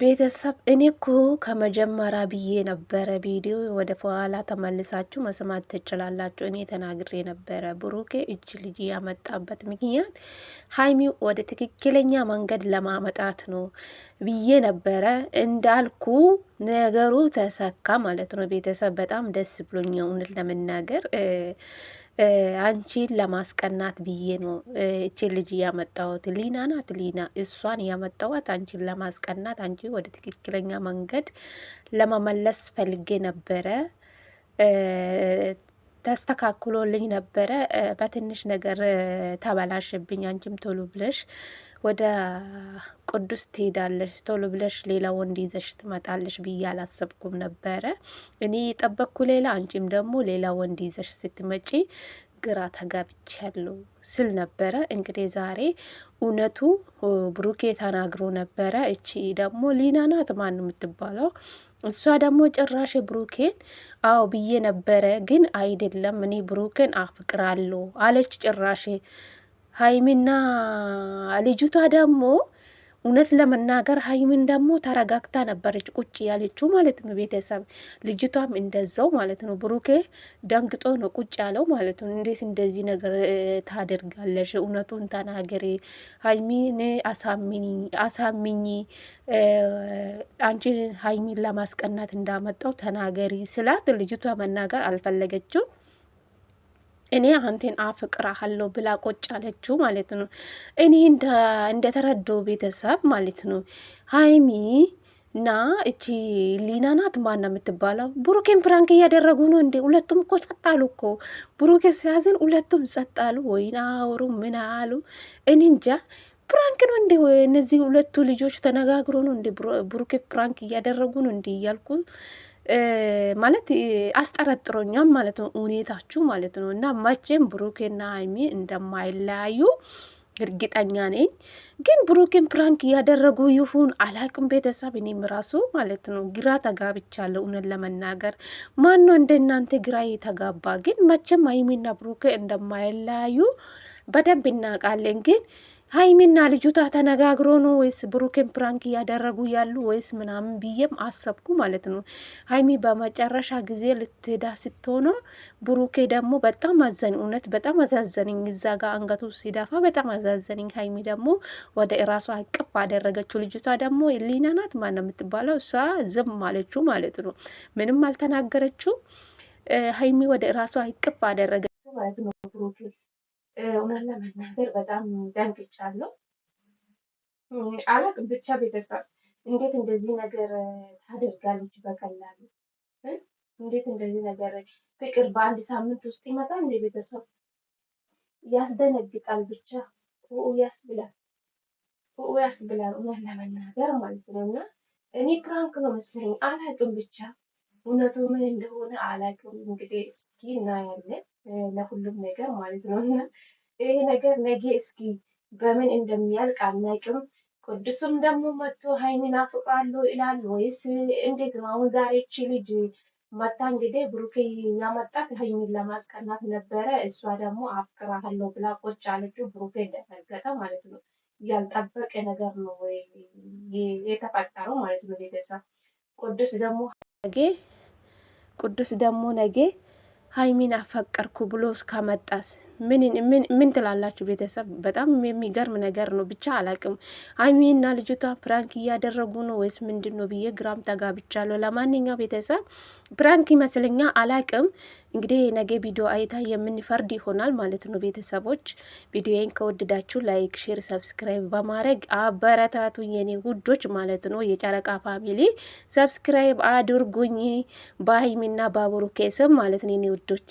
ቤተሰብ እኔ እኮ ከመጀመሪያ ብዬ ነበረ። ቪዲዮ ወደ ኋላ ተመልሳችሁ መስማት ትችላላችሁ። እኔ ተናግሬ ነበረ ብሩኬ እጅ ልጅ ያመጣበት ምክንያት ሀይሚ ወደ ትክክለኛ መንገድ ለማመጣት ነው ብዬ ነበረ እንዳልኩ ነገሩ ተሰካ ማለት ነው። ቤተሰብ በጣም ደስ ብሎኝ እውነት ለመናገር አንቺን ለማስቀናት ብዬ ነው እችን ልጅ ያመጣሁት። ሊና ናት ሊና፣ እሷን ያመጣዋት አንቺን ለማስቀናት፣ አንቺ ወደ ትክክለኛ መንገድ ለመመለስ ፈልጌ ነበረ። ተስተካክሎልኝ ነበረ። በትንሽ ነገር ተበላሽብኝ። አንቺም ቶሎ ብለሽ ወደ ቅዱስ ትሄዳለሽ፣ ቶሎ ብለሽ ሌላ ወንድ ይዘሽ ትመጣለሽ ብዬ አላሰብኩም ነበረ። እኔ የጠበቅኩ ሌላ፣ አንቺም ደግሞ ሌላ ወንድ ይዘሽ ስትመጪ ግራ ተጋብቻ ያለው ስል ነበረ። እንግዲህ ዛሬ እውነቱ ብሩኬ ተናግሮ ነበረ። እቺ ደግሞ ሊና ናት ማን የምትባለው እሷ ደግሞ ጭራሽ ብሩኬን አዎ ብዬ ነበረ፣ ግን አይደለም እኔ ብሩኬን አፍቅራለሁ አለች ጭራሽ ሀይሚና ልጅቷ ደግሞ እውነት ለመናገር ሀይሚን ደግሞ ተረጋግታ ነበረች ቁጭ ያለችው ማለት ነው። ቤተሰብ ልጅቷም እንደዛው ማለት ነው። ብሩኬ ደንግጦ ነው ቁጭ ያለው ማለት ነው። እንዴት እንደዚህ ነገር ታደርጋለሽ? እውነቱን ተናገሪ ሀይሚን አሳምኝ፣ አንቺ ሀይሚን ለማስቀናት እንዳመጣው ተናገሪ ስላት ልጅቷ መናገር አልፈለገችው። እኔ አንቴን አፍቅራሃለሁ ብላ ቆጭ አለችው ማለት ነው። እኔ እንደተረዶ ቤተሰብ ማለት ነው ሀይሚ እና እቺ ሊና ናት ማና የምትባለው ብሩኬን ፕራንክ እያደረጉ ነው እንዴ? ሁለቱም እኮ ጸጥ አሉ እኮ ብሩኬ ሲያዝን ሁለቱም ጸጥ አሉ። ወይና አውሩ ምን አሉ? እኔ እንጃ ፕራንክ ነው እንዴ? እነዚህ ሁለቱ ልጆች ተነጋግሮ ነው እንዴ? ብሩኬ ፕራንክ እያደረጉ ነው እንዴ እያልኩ ማለት አስጠረጥሮኛም ማለት ነው ሁኔታችሁ ማለት ነው። እና መቼም ብሩኬና ሀይሚ እንደማይለያዩ እርግጠኛ ነኝ። ግን ብሩኬን ፕራንክ እያደረጉ ይሁን አላቅም። ቤተሰብ እኔም ራሱ ማለት ነው ግራ ተጋብቻለሁ። እውነት ለመናገር ነው እንደ እናንተ ግራ የተጋባ? ግን መቼም ሀይሚና ብሩኬ እንደማይለያዩ በደንብ እናውቃለን ግን ሀይሚና ልጅቷ ተነጋግሮ ነው ወይስ ብሩኬን ፕራንክ እያደረጉ ያሉ ወይስ ምናምን ብዬም አሰብኩ ማለት ነው። ሀይሚ በመጨረሻ ጊዜ ልትሄዳ ስትሆነ ብሩኬ ደግሞ በጣም አዘን፣ እውነት በጣም አዛዘንኝ። እዛ ጋር አንገቱ ሲደፋ በጣም አዛዘንኝ። ሀይሚ ደግሞ ወደ ራሷ አቅፍ አደረገችው። ልጅቷ ደግሞ ሊና ናት ማን የምትባለው እሷ ዝም አለችው ማለት ነው። ምንም አልተናገረችው። ሀይሚ ወደ ራሷ አቅፍ አደረገችው ማለት ነው። እውነት ለመናገር በጣም ደንግጫለሁ። አላቅም ብቻ ቤተሰብ እንዴት እንደዚህ ነገር ታደርጋለች? በቀላሉ እንዴት እንደዚህ ነገር ፍቅር በአንድ ሳምንት ውስጥ ይመጣል? እንዴ? ቤተሰብ ያስደነግጣል። ብቻ ኡ ያስብላል፣ ኡ ያስብላል። እውነት ለመናገር ማለት ነው እና እኔ ፕራንክ ነው መሰለኝ አላቅም ብቻ እውነቱ ምን እንደሆነ አላቅም። እንግዲህ እስኪ እናያለን። ለሁሉም ነገር ማለት ነው። እና ይህ ነገር ነገ እስኪ በምን እንደሚያልቅ አናውቅም። ቅዱስም ደግሞ መጥቶ ሀይሚን አፍቅራለሁ ይላል ወይስ እንዴት ነው? አሁን ዛሬ እቺ ልጅ መታ እንግዲህ ብሩኬ ያመጣት ሀይሚን ለማስቀናት ነበረ። እሷ ደግሞ አፍቅራለሁ ብላ ቁጭ አለችው። ብሩኬ እንደፈገጠ ማለት ነው። ያልጠበቀ ነገር ነው የተፈጠረው ማለት ነው። ቤተሰብ ቅዱስ ደግሞ ነገ ቅዱስ ደግሞ ነገ ሀይሚን አፈቀርኩ ብሎ እስካመጣስ ምን ትላላችሁ ቤተሰብ? በጣም የሚገርም ነገር ነው። ብቻ አላቅም። ሀይሚና ልጅቷ ፕራንክ እያደረጉ ነው ወይስ ምንድን ነው ብዬ ግራም ጠጋ ብቻለሁ። ለማንኛው ቤተሰብ ፕራንክ ይመስለኛ አላቅም። እንግዲህ ነገ ቪዲዮ አይታ የምንፈርድ ይሆናል ማለት ነው። ቤተሰቦች ቪዲዮን ከወደዳችሁ ላይክ፣ ሼር፣ ሰብስክራይብ በማድረግ አበረታቱ የኔ ውዶች ማለት ነው። የጨረቃ ፋሚሊ ሰብስክራይብ አድርጉኝ በሀይሚና በብሩኬ ስም ማለት ነው የኔ ውዶች።